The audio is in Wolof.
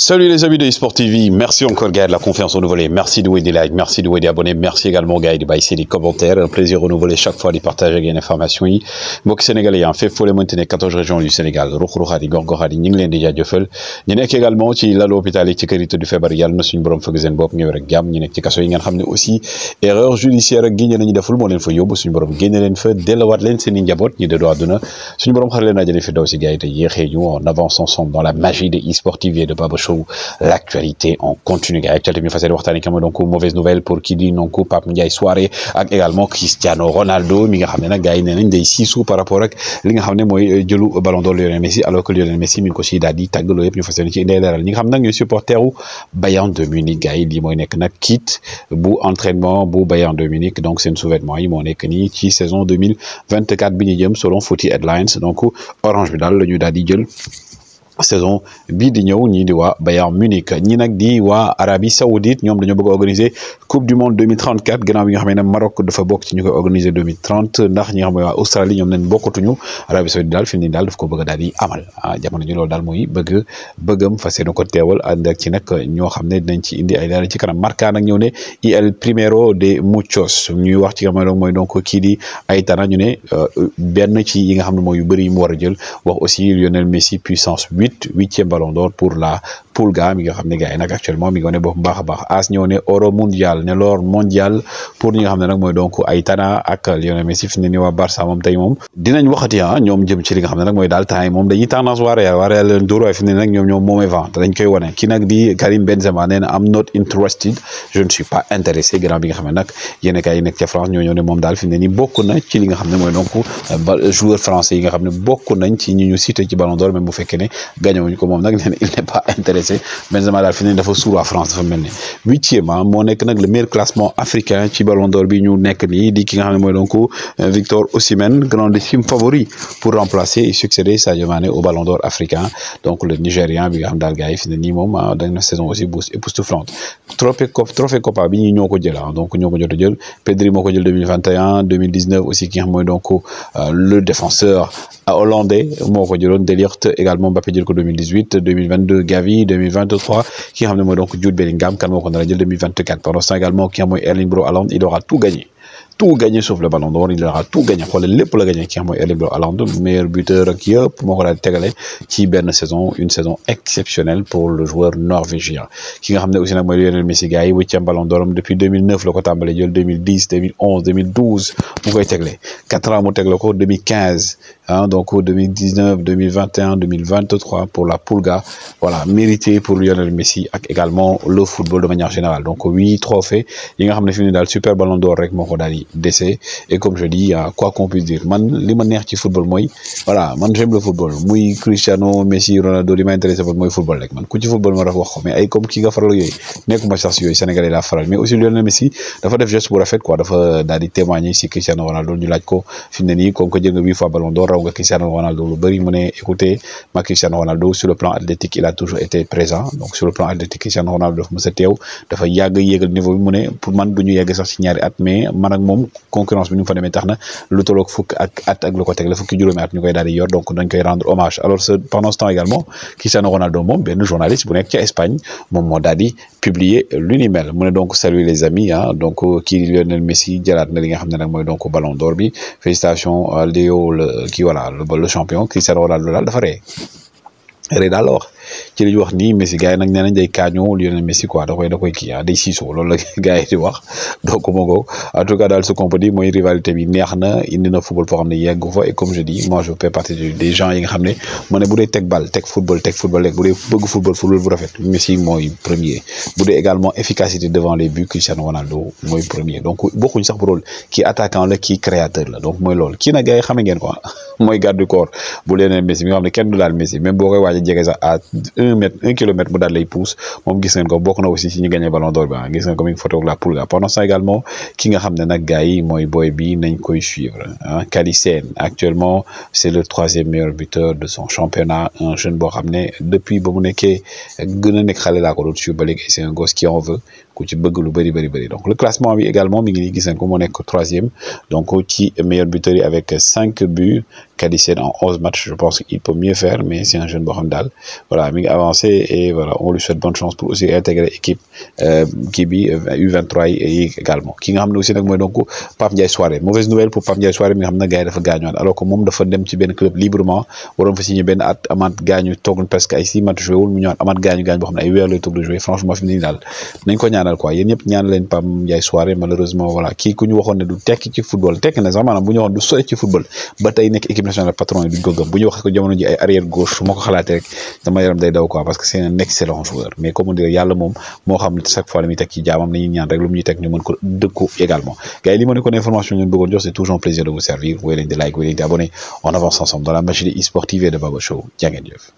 Salut les amis de eSport TV, merci encore Gaël de la confiance renouvelée, merci de des likes, merci de des abonnés, merci également Gaël de baisser bah, les commentaires, un plaisir renouvelé chaque fois de partager les informations. Mbokk sénégalais en fait fole les maintenir 14 régions du Sénégal ruux-ruuxaat yi gox-goxaat yi ñu leen di jaajëfal ñu nekk également ci lal hôpital yi ci kër du février, feebar yàlla na suñu borom fëgg seen bopp ñëw rek jàmm ñu nekk ci kaso yi ngeen xam aussi erreur judiciaire ak génne nañu deful moo leen fa yóbbu suñu borom génne leen fa dellawaat leen seen i njaboot ñi dëddu àdduna suñu borom xar leen naa fi daw si gars yi ñu on avance ensemble dans la magie de eSport TV et de Baba l'actualité on continue gars actualité bi ñu fas yéene donc mauvaise nouvelle pour kii di donc Pape Ndiaye Soirée Et également Cristiano Ronaldo mi nga xam ne nag gars yi nee nañ par rapport à li nga xam ne mooy euh, jëlu ballon d'or Lionel Messi alors que Lionel Messi mi ngi ko si daal di tàgg loolu ñu fas ci ñi nga xam supporter ou Bayern de Munich gars yi lii mooy nekk kit bu entraînement bu Bayern de Munich donc c'est une vêtement yi moo nekk nii ci saison 2024 bi ñu jëm selon Footy Headlines donc orange bi le la ñu daal jël saison bii di ñëw ñii di waa Bayern Munich di waa Arabie Saoudite ñoom dañoo bëgg a organiser coupe du monde 2034 gannaaw bi nga xam ne Maroc dafa bokk ci ñu koy organiser 2030 ndax ñi nga xam ne waa Australie ñoom nañ bokkatuñu Arabie Saoudite daal fi mu ne daal a daal di amal ah, daal mooy bëgg bëggam fas yéene ko teewal ànd ak ci ñoo xam ne dinañ ci indi ay daal ci kanam Marca nag ñëw ne i el primero de muchos ñuy wax ci nga xam ne mooy donc kii di Aitana ñu ne euh, benn ci yi nga xam ne mooy yu bëri yi mu war a jël wax aussi Lionel Messi puissance huitième ballon d'or pour la Paul Ga mi nga xam ne actuellement mi ngi wane baax a as ñëw ne euro mondial ne lor mondial pour ñi ne moom tey moom dinañ waxati ah ne moom dañuy dañ koy wane kii di Karim Benzema nee na am not interested je ne suis pas intéressé gannaaw bi nga xam ne nag yi nekk France ñoo ne moom daal fi ne ni na ci xam ne mooy donc joueur français yi nga xam ne bokk nañ ci ñu cité ci Ballon d'Or même bu fekkee ne gagné moom nag il n'est pas intéressé passé Benzema daal fini ne dafa suur waa France dafa mel ni huitièmement ah, moo nekk le meilleur classement africain ci Ballon d'Or bi ñu nek ni di ki nga xamne moy donc euh, Victor Osimhen grandissime favori pour remplacer et succéder Sadio Mané au Ballon d'Or africain donc le Nigérian bi nga xam dal gars fi ah, dañ na saison aussi boost époustouflante trophée cop trophée Copa bi ñi ñoko jël ah, donc ñoko jottu a jël Pedri moo jël 2021 2019 aussi ki nga donc euh, le défenseur hollandais moko ko Delirte également Mbappé jël ko 2018 2022 Gavi 2023 qui a donc Jude Bellingham qui on a 2024 pendant ça également qui a Erling Bro il aura tout gagné tout gagné sauf le ballon d'or il aura tout gagné il le la gagné ki a xam le meilleur buteur ak pour moi pour a tegale qui benn saison une saison exceptionnelle pour le joueur norvégien qui a ramené aussi le Messi ballon d'or, depuis 2009 le côté jël 2010 2011 2012 pour koy 4 ans mu tegle 2015 hein, donc 2019 2021 2023 pour la Pulga voilà mérité pour Lionel Messi ak également le football de manière générale donc huit trophées il nga xam un super ballon d'or avec moo décès et comme je dis quoi qu'on puisse dire man li du neex football moi voilà man j'aime le football moi Cristiano Messi Ronaldo il ma intéressé ba mooy football rek man ku ci football ma dafa wax ko mais ay comme ki nga faral yooyu nekkuma sax yoy Sénégalais la faral mais aussi Lionel Messi dafa def geste bu rafet quoi dafa daal di témoigner si Cristiano Ronaldo ñu laj ko fi ne comme que jël nga huit fois ballon d'or raw nga Cristiano Ronaldo lu bari mu né écoutez ma Cristiano Ronaldo sur le plan athlétique il a toujours été présent donc sur le plan athlétique Cristiano Ronaldo dafa mës a teew dafa yàgg niveau bi mu né pour man du yegg sax ci ñaari at mais man ak moom concurrence bi ñu fa demee tax na lu tolloog fukk ak at ak lu ko teg la fukki juróomi at ñu koy daal di yor donc dañ koy rendre hommage alors ce pendant ce temps également Cristiano Ronaldo moom benn journaliste bu nekk ci Espagne moom moo daal di publier lu ni mu ne donc saluer les amis ah donc euh, kii Lionel Messi jëlaat na li nga xam ne nag donc ballon d'or bi félicitations euh, Léo le kii voilà le champion Cristiano Ronaldo daal dafa ree ree daal la ci li wax ni Messi gaay nak nenañ day kaañoo Lionel Messi quoi da koy da koy ki ah day siisoo lolou la gars yi di wax donc moo en tout cas daal ce ko di mooy rivalité bi neexna na indi na football fo xamné ne fo et comme je dis moi je fais partie des gens yi nga xamné mané boudé tek ball dee bal football tek football rek boudé bëgg football football bu rafet Messi moy premier boudé également efficacité devant les buts Cristiano Ronaldo moy premier donc bokkuñ sax bu rôle ki attaquant la ki créateur la donc moy lolou ki na gaay xamé ngeen quoi moy garde du corps bu Lionel Messi bi nga xamné kenn du dal Messi même boo wajé waaj sax à un mètre un kilomètre mu daal pousse moom gis ngeen ko bokk na aussi ci ñu gagné ballon d'or bi ah gis ngeen ko mi ngi la Pulga ah. pendant ça également ki nga xam ne nag gars yi boy bi nañ koy suivre Hein, Kali actuellement c'est le troisième meilleur buteur de son championnat un jeune beau ramené depuis ba mu nekkee gën a nekk xale laa ko doon suivre ba léegi c'est un gosse qui en veut ku ci bëgg lu bëri donc le classement bi également mi ngi nii gis nañ ko moo troisième donc ci meilleur buteur avec cinq buts Cadicen en onze matchs je pense qu'il peut mieux faire mais c'est un jeune bo xam voilà mi ngi avancé et voilà on lui souhaite bonne chance pour aussi intégrer équipe qui euh, bi euh, U23 également ki nga xamne aussi nak moy donc Pape Ndiaye Souaré mauvaise nouvelle pour Pape Ndiaye soirée mi xamna xam gars yi dafa gaañoon alors que mom dafa dem ci ben club librement waroon fa signé ben at amaat gaañu toog presque ay six matchs joué wul mu ñu amaat gaañu gaañu bo xamne ay weer lay togn de jouer franchement fi mu nañ ko ñaan ñaanal quoi yéen ñëpp ñaan leen pam Ndiaye soirée malheureusement voilà ki ku ñu waxoon du tek ci football tek na sax maanaam bu ñu waxoon du sore ci football ba tay nek équipe nationale patron bi duñ ko gëm bu ñu waxee ko jamono ji ay arrière gauche mako ko rek dama yaram day daw quoi parce que c'est un excellent joueur mais comme on dirait yàlla moom moo xam chaque fois la muy teg ci jaamam nañuy ñaan rek lu mu ñuy teg ñu mën ko dëkku également gars yi li ma ne kon information ñu bëggoon jox c'est toujours un plaisir de vous servir wooy leen di like wooy leen di abonné on avance ensemble dans la machine e-sportive et de Baba Show jaa ngeen